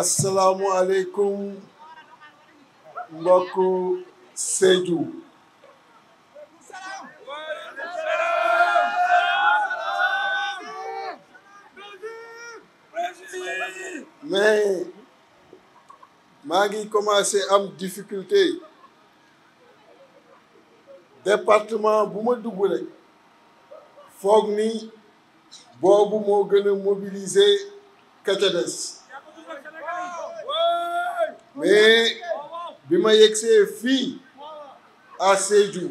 asalaamualeykum mbokku Sédhiou mais maa ngi commencé am difficulté département bu ma dugg rek foog ni boobu moo gën a mobiliser kaca des mais bi ma yegsee fii à Sédhiou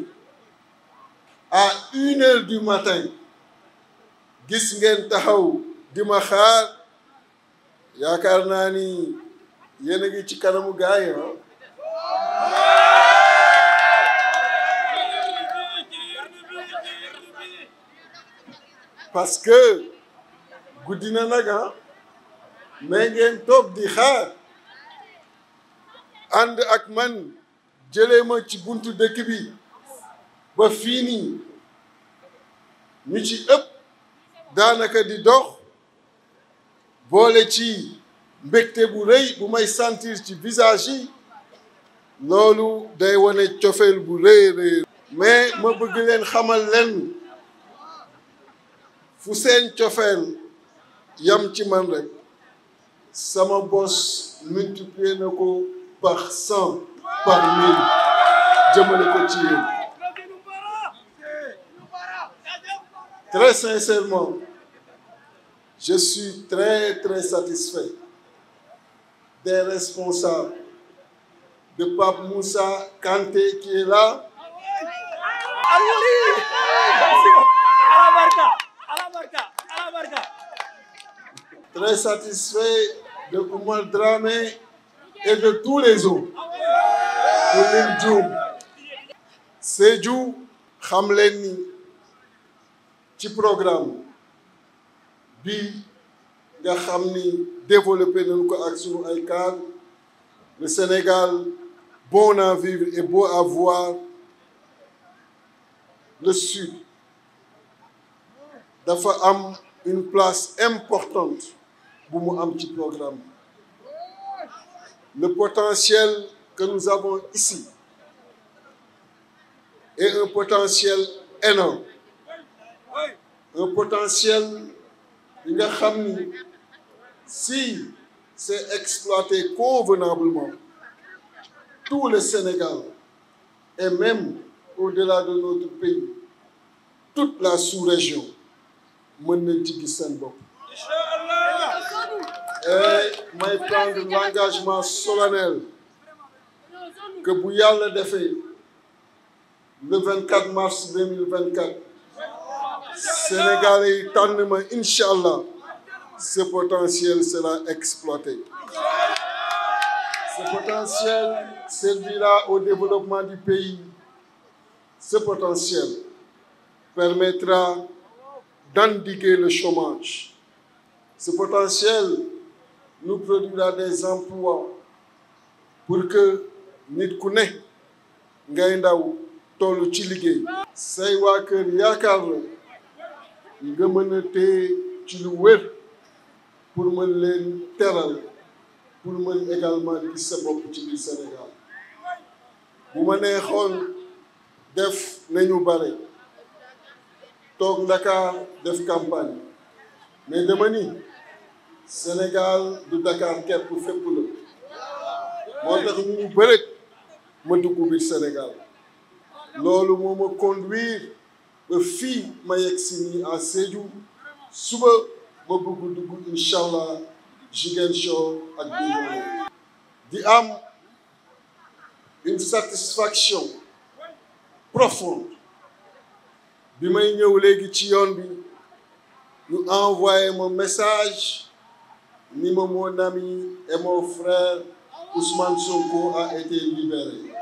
à une heure du matin gis ngeen taxaw di ma xaar yaakaar naa ni yéen a ngi ci kanamu gaay yi parce que guddi na nag ah mais ngeen toog di xaar ànd ak man jëlee ma ci buntu dëkk bi ba fii nii ñu ci ëpp daanaka di dox boole ci mbégte bu rëy bu may sentir ci visage yi loolu day wane cofeel bu rëy rëy mais ma bëgg leen xamal leen fu seen cofeel yam ci man sama bos multiplier na ko par cent par mille jëmale ko ci yéen très sincèrement je suis très très satisfait des responsables de Pape Moussa Kanté qui est là. Très satisfait de Oumar Dramé et de tous les autres. pour lim juum Sédhiou xam leen programme bi nga xam ni développé nañu ay cadre le Sénégal bon à vivre et beau à le sud dafa am une place importante bu mu am ci programme le potentiel que nous avons ici est un potentiel énorme un potentiel bi nga xam si c'est exploité convenablement tout le Sénégal et même au-delà de notre pays toute la sous-région mën nañ ci gis seen bopp et may prendre l'engagement solennel que bu yàlla defee le 24 mars 2024 Sénégalais yi tànn ma incha allah ce potentiel sera exploité ce potentiel servira au développement du pays ce potentiel permettra d'endiguer le chômage. Ce potentiel nous produira des emplois pour que nit ku ne ngay ndaw toll ci liggéey say waa kër yaakaar la nga mën a ci lu wér pour mën leen teral pour mën également di sa bopp ci biir Sénégal bu ma nee xool def nañu bare toog ndakaar def campagne mais dama ni Sénégal du Dakar képp fépp la moo tax ñu bërëg ma dugg biir Sénégal loolu moo ma conduire ba fii ma yegg si nii suba ma bëgg dugg incha allah Ziguinchor ak Bignona di am une satisfaction bi may ñëw léegi ci yoon bi ñu envoyé ma message ni ma mon ami et mon frère Ousmane Sonko a été libéré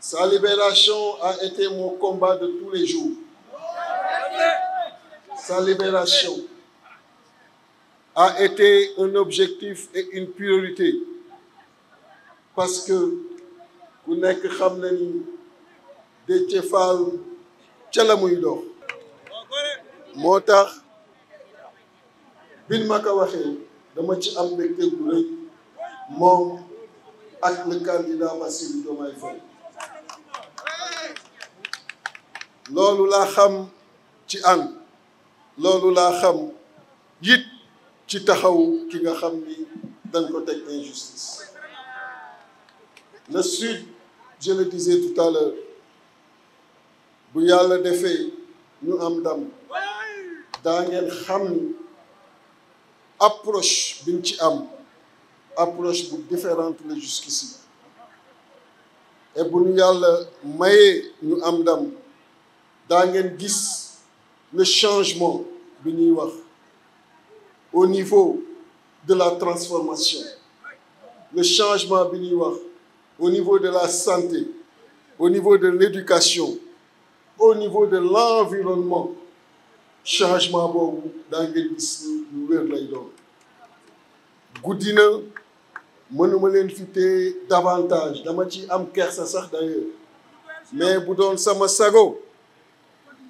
Sa libération a été mon combat de tous les jours. Sa libération a été un objectif et une priorité parce que ku nekk xam na ni Déthié Fall ca la muy dox moo tax bin ma ko waxee dama ci am mbégte bu rëy moom ak le candidat Bassirou Diomaye Faye loolu laa xam ci ànd loolu laa xam it ci taxaw ki nga xam ni dañ ko teg injustice le sud je le disais tout à l'heure bu yàlla defee ñu am ndam daa ngeen xam ni approche biñ ci am approche bu différente la jusqu'ici et bu ñu yàlla mayee ñu am ndam daa ngeen gis le changement bi ñuy wax au niveau de la transformation le changement bi ñuy wax au niveau de la santé, au niveau de l'éducation, au niveau de l'environnement changement boobu daa ngeen gis lu wér lay doon guddi na mënuma leen fi téye davantage dama ci am kersa sax d'ailleurs mais bu doon sama sago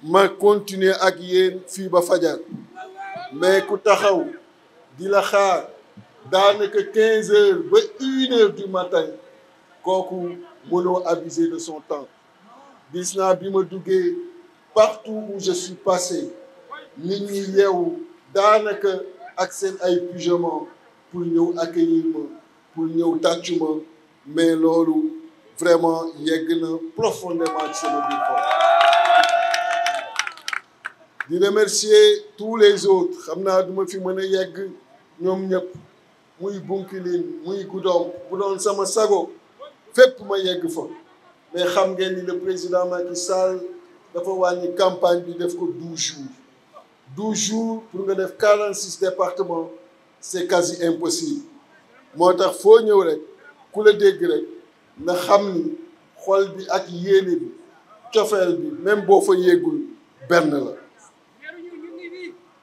ma continuer ak yeen fii ba fajar mais ku taxaw di la xaar daanaka quinze heures ba une heure du matin kooku mënoo abuser de son temps gis naa bi ma duggee partout où je suis passé nit ñi yeewu daanaka ak seen ay pyjama pour ñëw accueillir ma pour ñëw tàccu ma mais loolu vraiment yegg na profondément ci sama biir xol di remercier tous les autres xam naa duma fi mën a yegg ñoom ñëpp muy Bunkiling muy Goudomp bu sama sago fépp ma yegg fa mais xam ngeen ni le président Macky Sall dafa wàññi campagne bi def ko douze jours douze jours pour nga def quarante six départements c'est quasi impossible moo tax foo ñëw rek ku la dégg rek na xam ni xol bi ak yéene bi cofeel bi même boo fa yéegul benn la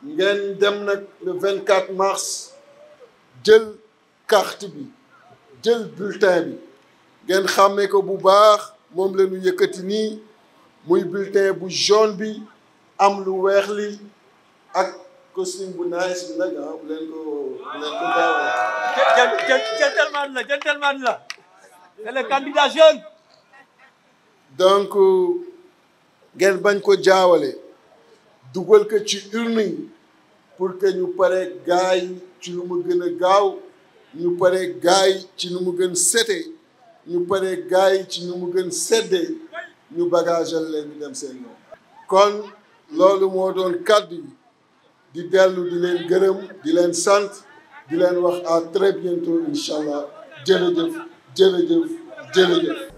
ngeen dem nag le vingt quatre mars jël carte bi jël bulletin bi ngeen xàmmee ko bu baax moom la ñu yëkkati nii muy bulletin bu jaune bi am lu weex li ak costume bu nice bi nag ah bu leen ko bu leen ko la gentleman la c'est candidat jeune. donc ngeen bañ ko jaawale dugal ko ci urne pour que ñu pare gaay ci lu mu gën a gaaw ñu pare gaay ci lu mu gën sete ñu pare gaay ci ñu mu gën seddee ñu bagaajal leen ñu dem seen yoon kon loolu moo doon kàddu yi di dellu di leen gërëm di leen sant di leen wax à très bientôt incha allah jërëjëf jërëjëf jërëjëf